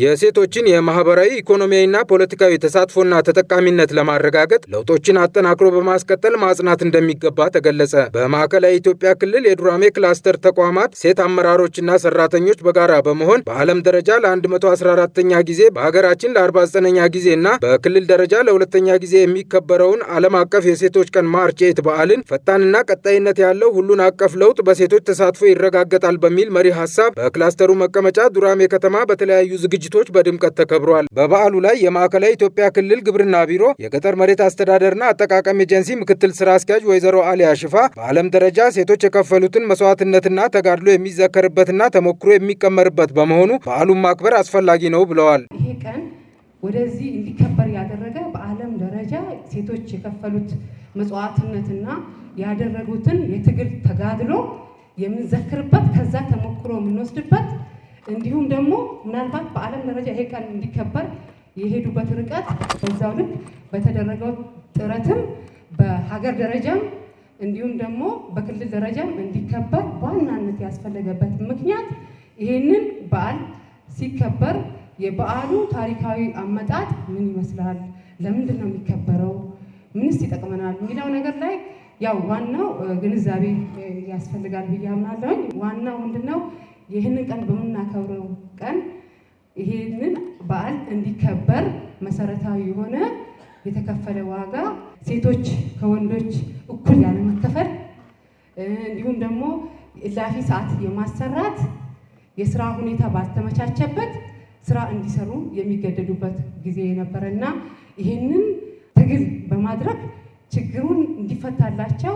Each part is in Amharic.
የሴቶችን የማህበራዊ ኢኮኖሚያዊና ፖለቲካዊ ተሳትፎና ተጠቃሚነት ለማረጋገጥ ለውጦችን አጠናክሮ በማስቀጠል ማጽናት እንደሚገባ ተገለጸ። በማዕከላዊ ኢትዮጵያ ክልል የዱራሜ ክላስተር ተቋማት ሴት አመራሮችና ሰራተኞች በጋራ በመሆን በዓለም ደረጃ ለ114ኛ ጊዜ በሀገራችን ለ49ኛ ጊዜ እና በክልል ደረጃ ለሁለተኛ ጊዜ የሚከበረውን ዓለም አቀፍ የሴቶች ቀን ማርች ኤት በዓልን ፈጣንና ቀጣይነት ያለው ሁሉን አቀፍ ለውጥ በሴቶች ተሳትፎ ይረጋገጣል በሚል መሪ ሀሳብ በክላስተሩ መቀመጫ ዱራሜ ከተማ በተለያዩ ዝግጅ ዝግጅቶች በድምቀት ተከብረዋል። በበዓሉ ላይ የማዕከላዊ ኢትዮጵያ ክልል ግብርና ቢሮ የገጠር መሬት አስተዳደርና አጠቃቀም ኤጀንሲ ምክትል ስራ አስኪያጅ ወይዘሮ አሊያ ሽፋ በዓለም ደረጃ ሴቶች የከፈሉትን መስዋዕትነትና ተጋድሎ የሚዘከርበትና ተሞክሮ የሚቀመርበት በመሆኑ በዓሉን ማክበር አስፈላጊ ነው ብለዋል። ይሄ ቀን ወደዚህ እንዲከበር ያደረገ በዓለም ደረጃ ሴቶች የከፈሉት መስዋዕትነትና ያደረጉትን የትግል ተጋድሎ የምንዘክርበት ከዛ ተሞክሮ የምንወስድበት እንዲሁም ደግሞ ምናልባት በዓለም ደረጃ ይሄ ቀን እንዲከበር የሄዱበት ርቀት በዛው ልክ በተደረገው ጥረትም በሀገር ደረጃም እንዲሁም ደግሞ በክልል ደረጃም እንዲከበር በዋናነት ያስፈለገበት ምክንያት ይህንን በዓል ሲከበር የበዓሉ ታሪካዊ አመጣጥ ምን ይመስላል፣ ለምንድን ነው የሚከበረው፣ ምንስ ይጠቅመናል የሚለው ነገር ላይ ያው ዋናው ግንዛቤ ያስፈልጋል ብዬ አምናለሁኝ። ዋናው ምንድን ነው ይህንን ቀን በምናከብረው ቀን ይህንን በዓል እንዲከበር መሰረታዊ የሆነ የተከፈለ ዋጋ ሴቶች ከወንዶች እኩል ያለመከፈል እንዲሁም ደግሞ እላፊ ሰዓት የማሰራት የስራ ሁኔታ ባልተመቻቸበት ስራ እንዲሰሩ የሚገደዱበት ጊዜ የነበረ እና ይህንን ትግል በማድረግ ችግሩን እንዲፈታላቸው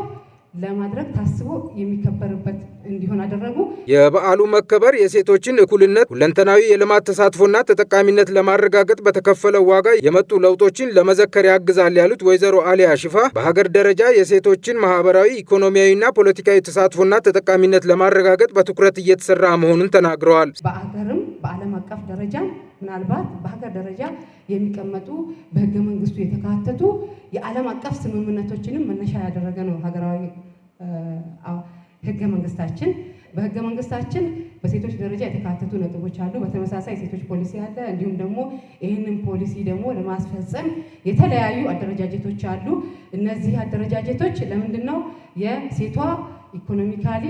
ለማድረግ ታስቦ የሚከበርበት እንዲሆን አደረጉ። የበዓሉ መከበር የሴቶችን እኩልነት፣ ሁለንተናዊ የልማት ተሳትፎና ተጠቃሚነት ለማረጋገጥ በተከፈለው ዋጋ የመጡ ለውጦችን ለመዘከር ያግዛል ያሉት ወይዘሮ አሊያ ሽፋ በሀገር ደረጃ የሴቶችን ማህበራዊ፣ ኢኮኖሚያዊና ፖለቲካዊ ተሳትፎና ተጠቃሚነት ለማረጋገጥ በትኩረት እየተሰራ መሆኑን ተናግረዋል። በአገርም በዓለም አቀፍ ደረጃ ምናልባት በሀገር ደረጃ የሚቀመጡ በህገ መንግስቱ የተካተቱ የዓለም አቀፍ ስምምነቶችንም መነሻ ያደረገ ነው ሀገራዊ ህገ መንግስታችን። በህገ መንግስታችን በሴቶች ደረጃ የተካተቱ ነጥቦች አሉ። በተመሳሳይ ሴቶች ፖሊሲ አለ። እንዲሁም ደግሞ ይህንን ፖሊሲ ደግሞ ለማስፈጸም የተለያዩ አደረጃጀቶች አሉ። እነዚህ አደረጃጀቶች ለምንድን ነው የሴቷ ኢኮኖሚካሊ፣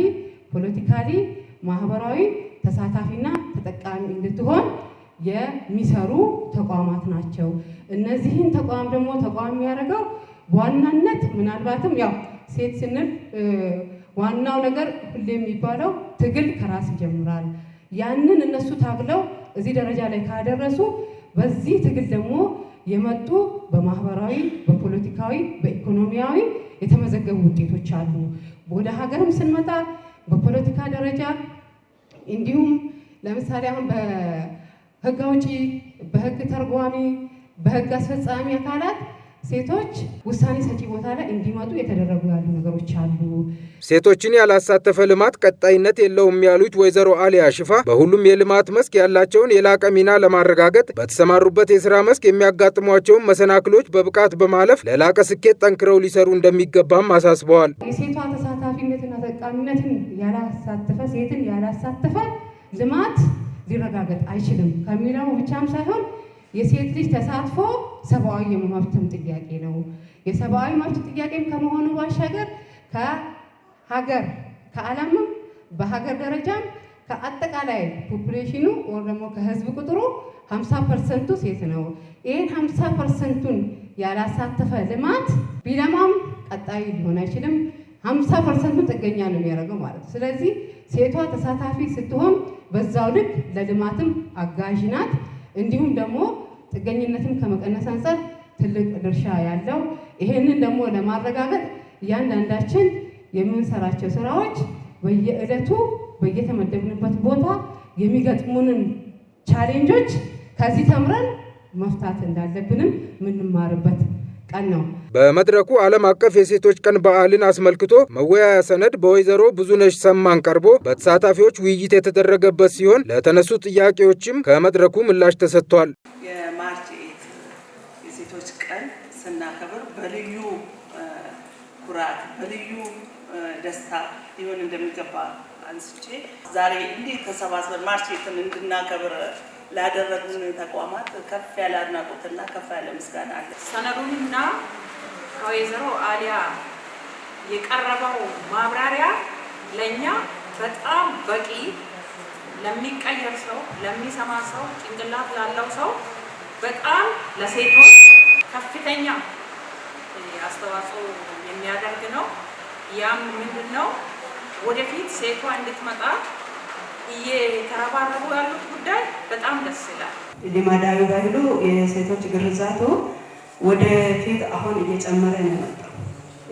ፖለቲካሊ፣ ማህበራዊ ተሳታፊና ተጠቃሚ እንድትሆን የሚሰሩ ተቋማት ናቸው። እነዚህን ተቋም ደግሞ ተቋም የሚያደርገው ዋናነት ምናልባትም ያው ሴት ስንል ዋናው ነገር ሁሌ የሚባለው ትግል ከራስ ይጀምራል። ያንን እነሱ ታግለው እዚህ ደረጃ ላይ ካደረሱ በዚህ ትግል ደግሞ የመጡ በማህበራዊ፣ በፖለቲካዊ፣ በኢኮኖሚያዊ የተመዘገቡ ውጤቶች አሉ። ወደ ሀገርም ስንመጣ በፖለቲካ ደረጃ እንዲሁም ለምሳሌ አሁን ህግ አውጪ፣ በህግ ተርጓሚ፣ በህግ አስፈጻሚ አካላት ሴቶች ውሳኔ ሰጪ ቦታ ላይ እንዲመጡ የተደረጉ ያሉ ነገሮች አሉ። ሴቶችን ያላሳተፈ ልማት ቀጣይነት የለውም ያሉት ወይዘሮ አሊያ ሽፋ በሁሉም የልማት መስክ ያላቸውን የላቀ ሚና ለማረጋገጥ በተሰማሩበት የስራ መስክ የሚያጋጥሟቸውን መሰናክሎች በብቃት በማለፍ ለላቀ ስኬት ጠንክረው ሊሰሩ እንደሚገባም አሳስበዋል። የሴቷ ተሳታፊነትና ተጠቃሚነትን ያላሳተፈ ሴትን ያላሳተፈ ልማት ሊረጋገጥ አይችልም ከሚለው ብቻም ሳይሆን የሴት ልጅ ተሳትፎ ሰብአዊ መብትም ጥያቄ ነው። የሰብአዊ መብት ጥያቄም ከመሆኑ ባሻገር ከሀገር ከዓለምም በሀገር ደረጃም ከአጠቃላይ ፖፕሌሽኑ ወይ ደግሞ ከህዝብ ቁጥሩ 50 ፐርሰንቱ ሴት ነው። ይህን 50 ፐርሰንቱን ያላሳተፈ ልማት ቢለማም ቀጣይ ሊሆን አይችልም። 50 ፐርሰንቱን ጥገኛ ነው የሚያደርገው ማለት ነው። ስለዚህ ሴቷ ተሳታፊ ስትሆን በዛው ልክ ለልማትም አጋዥ ናት። እንዲሁም ደግሞ ጥገኝነትም ከመቀነስ አንጻር ትልቅ ድርሻ ያለው ይሄንን ደግሞ ለማረጋገጥ እያንዳንዳችን የምንሰራቸው ስራዎች በየዕለቱ በየተመደብንበት ቦታ የሚገጥሙንን ቻሌንጆች ከዚህ ተምረን መፍታት እንዳለብንም የምንማርበት ቀን ነው። በመድረኩ ዓለም አቀፍ የሴቶች ቀን በዓልን አስመልክቶ መወያያ ሰነድ በወይዘሮ ብዙነሽ ሰማን ቀርቦ በተሳታፊዎች ውይይት የተደረገበት ሲሆን ለተነሱ ጥያቄዎችም ከመድረኩ ምላሽ ተሰጥቷል። የማርች ኤት የሴቶች ቀን ስናከብር በልዩ ኩራት በልዩ ደስታ ሊሆን እንደሚገባ አንስቼ ዛሬ እንዴት ተሰባስበን ማርች ኤትን እንድናከብር ላደረጉን ተቋማት ከፍ ያለ አድናቆትና ከፍ ያለ ምስጋና አለ። ሰነዱንና ከወይዘሮ አሊያ የቀረበው ማብራሪያ ለእኛ በጣም በቂ ለሚቀየር ሰው ለሚሰማ ሰው ጭንቅላት ላለው ሰው በጣም ለሴቶች ከፍተኛ አስተዋጽኦ የሚያደርግ ነው። ያም ምንድን ነው ወደፊት ሴቷ እንድትመጣ እየተረባረቡ ያሉት ጉዳይ በጣም ደስ ይላል። ሊማዳዊ ባህሉ የሴቶች ግርዛቱ ወደፊት አሁን እየጨመረ ነው የመጣው።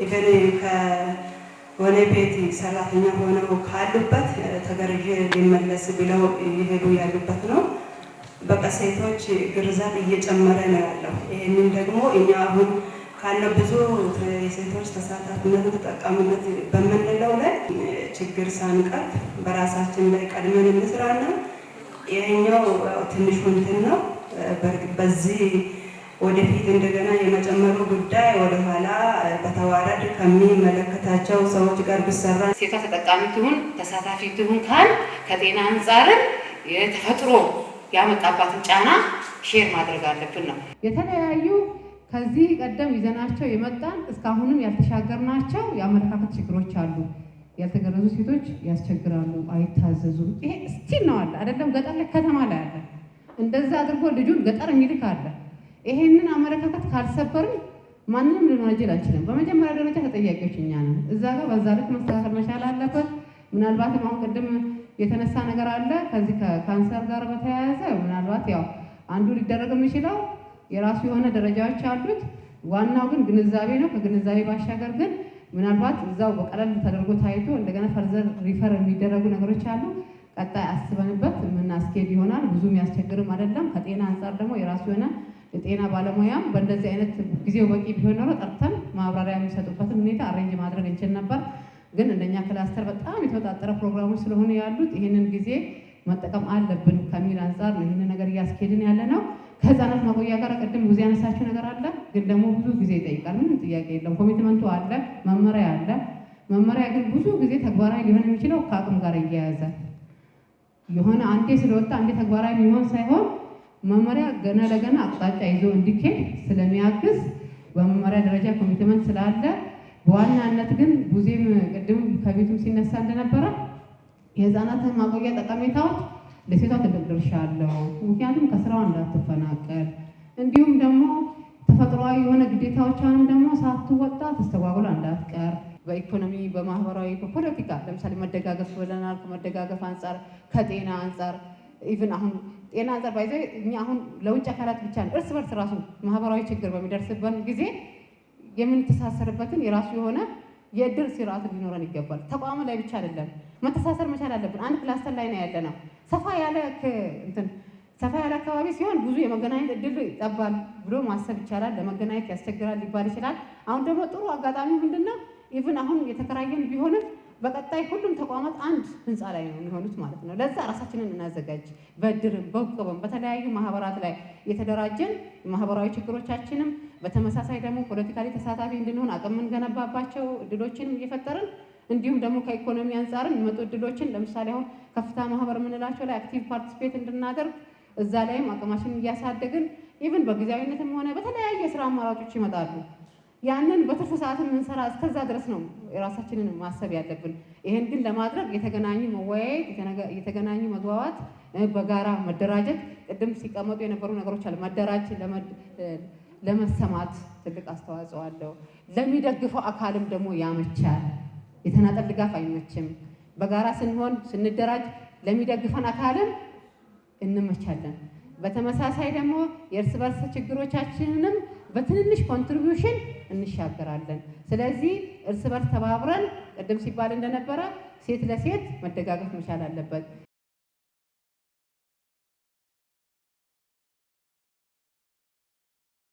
ኢቨን ከሆነ ቤት ሰራተኛ ሆነው ካሉበት ተገርዤ ሊመለስ ብለው እየሄዱ ያሉበት ነው። በቃ ሴቶች ግርዛት እየጨመረ ነው ያለው። ይህንን ደግሞ እኛ አሁን ካለው ብዙ የሴቶች ተሳታፊነት ተጠቃሚነት በምንለው ላይ ችግር ሳንቀርብ በራሳችን ላይ ቀድመን ነው። ይህኛው ትንሽ እንትን ነው። በዚህ ወደፊት እንደገና የመጨመሩ ጉዳይ ወደኋላ በተዋረድ ከሚመለከታቸው ሰዎች ጋር ብሰራ ሴቷ ተጠቃሚ ትሁን ተሳታፊ ትሁን ካል ከጤና አንጻርን የተፈጥሮ ያመጣባትን ጫና ሼር ማድረግ አለብን ነው የተለያዩ ከዚህ ቀደም ይዘናቸው የመጣን እስካሁንም ያልተሻገርናቸው የአመለካከት ችግሮች አሉ። ያልተገረዙ ሴቶች ያስቸግራሉ፣ አይታዘዙም። ይሄ እስቲ ነው አለ አይደለም፣ ገጠር ላይ ከተማ ላይ አለ። እንደዛ አድርጎ ልጁን ገጠር የሚልክ አለ። ይሄንን አመለካከት ካልሰበርን ማንንም ልንወነጀል አንችልም። በመጀመሪያ ደረጃ ተጠያቂዎች እኛ ነን። እዛ ጋር በዛ ልክ መስተካከል መቻል አለበት። ምናልባትም አሁን ቅድም የተነሳ ነገር አለ ከዚህ ከካንሰር ጋር በተያያዘ ምናልባት ያው አንዱ ሊደረግ የሚችለው የራሱ የሆነ ደረጃዎች አሉት። ዋናው ግን ግንዛቤ ነው። ከግንዛቤ ባሻገር ግን ምናልባት እዛው በቀለል ተደርጎ ታይቶ እንደገና ፈርዘር ሪፈር የሚደረጉ ነገሮች አሉ። ቀጣይ አስበንበት የምናስኬድ ይሆናል። ብዙ የሚያስቸግርም አይደለም። ከጤና አንጻር ደግሞ የራሱ የሆነ የጤና ባለሙያም በእንደዚህ አይነት ጊዜው በቂ ቢሆን ኖሮ ጠርተን ማብራሪያ የሚሰጡበትን ሁኔታ አሬንጅ ማድረግ እንችል ነበር። ግን እንደኛ ክላስተር በጣም የተወጣጠረ ፕሮግራሞች ስለሆኑ ያሉት ይህንን ጊዜ መጠቀም አለብን ከሚል አንጻር ነው ይህንን ነገር እያስኬድን ያለ ነው። ከህፃናት ማቆያ ጋር ቅድም ብዙ ያነሳችው ነገር አለ፣ ግን ደግሞ ብዙ ጊዜ ይጠይቃል። ምንም ጥያቄ የለም። ኮሚትመንቱ አለ፣ መመሪያ አለ። መመሪያ ግን ብዙ ጊዜ ተግባራዊ ሊሆን የሚችለው ከአቅም ጋር እያያዛል። የሆነ አንዴ ስለወጣ አንዴ ተግባራዊ ሊሆን ሳይሆን መመሪያ ገና ለገና አቅጣጫ ይዞ እንዲኬድ ስለሚያግዝ በመመሪያ ደረጃ ኮሚትመንት ስላለ በዋናነት ግን ጊዜም ቅድም ከቤቱም ሲነሳ እንደነበረ የህፃናትን ማቆያ ጠቀሜታዎች ለሴቷ ትልቅ ድርሻ አለው። ምክንያቱም ከስራው እንዲሁም ደግሞ ተፈጥሯዊ የሆነ ግዴታዎቿንም ደግሞ ሳትወጣ ተስተጓጉላ እንዳትቀር በኢኮኖሚ በማህበራዊ በፖለቲካ ለምሳሌ መደጋገፍ ብለናል። ከመደጋገፍ አንጻር ከጤና አንጻር ኢቭን አሁን ጤና አንጻር ባይዘ እኛ አሁን ለውጭ አካላት ብቻ ነው እርስ በርስ ራሱ ማህበራዊ ችግር በሚደርስበት ጊዜ የምንተሳሰርበትን የራሱ የሆነ የእድር ስርዓት ሊኖረን ይገባል። ተቋም ላይ ብቻ አይደለም መተሳሰር መቻል አለብን። አንድ ክላስተር ላይ ነው ያለ ነው ሰፋ ያለ እንትን ሰፋ ያለ አካባቢ ሲሆን ብዙ የመገናኘት እድል ይጠባል ብሎ ማሰብ ይቻላል። ለመገናኘት ያስቸግራል ሊባል ይችላል። አሁን ደግሞ ጥሩ አጋጣሚ ምንድነው? ኢቭን አሁን የተከራየን ቢሆንም በቀጣይ ሁሉም ተቋማት አንድ ህንፃ ላይ ነው የሚሆኑት ማለት ነው። ለዛ ራሳችንን እናዘጋጅ። በእድርም በእቁብም በተለያዩ ማህበራት ላይ የተደራጀን ማህበራዊ ችግሮቻችንም በተመሳሳይ ደግሞ ላይ ተሳታፊ እንድንሆን አቅም ገነባባቸው እድሎችንም እየፈጠርን እንዲሁም ደግሞ ከኢኮኖሚ አንጻር የሚመጡ እድሎችን ለምሳሌ አሁን ከፍታ ማህበር የምንላቸው ላይ አክቲቭ ፓርቲስፔት እንድናደርግ እዛ ላይም አቅማችን እያሳደግን ኢቭን በጊዜያዊነትም ሆነ በተለያየ የስራ አማራጮች ይመጣሉ። ያንን በትርፍ ሰዓት የምንሰራ እስከዛ ድረስ ነው የራሳችንን ማሰብ ያለብን። ይህን ግን ለማድረግ የተገናኙ መወያየት፣ የተገናኙ መግባባት፣ በጋራ መደራጀት፣ ቅድም ሲቀመጡ የነበሩ ነገሮች አለ መደራጅ፣ ለመሰማት ትልቅ አስተዋጽኦ አለው። ለሚደግፈው አካልም ደግሞ ያመቻል። የተናጠል ድጋፍ አይመችም። በጋራ ስንሆን ስንደራጅ ለሚደግፈን አካልም እንመቻለን። በተመሳሳይ ደግሞ የእርስ በርስ ችግሮቻችንንም በትንንሽ ኮንትሪቢሽን እንሻገራለን። ስለዚህ እርስ በርስ ተባብረን ቅድም ሲባል እንደነበረ ሴት ለሴት መደጋገፍ መቻል አለበት።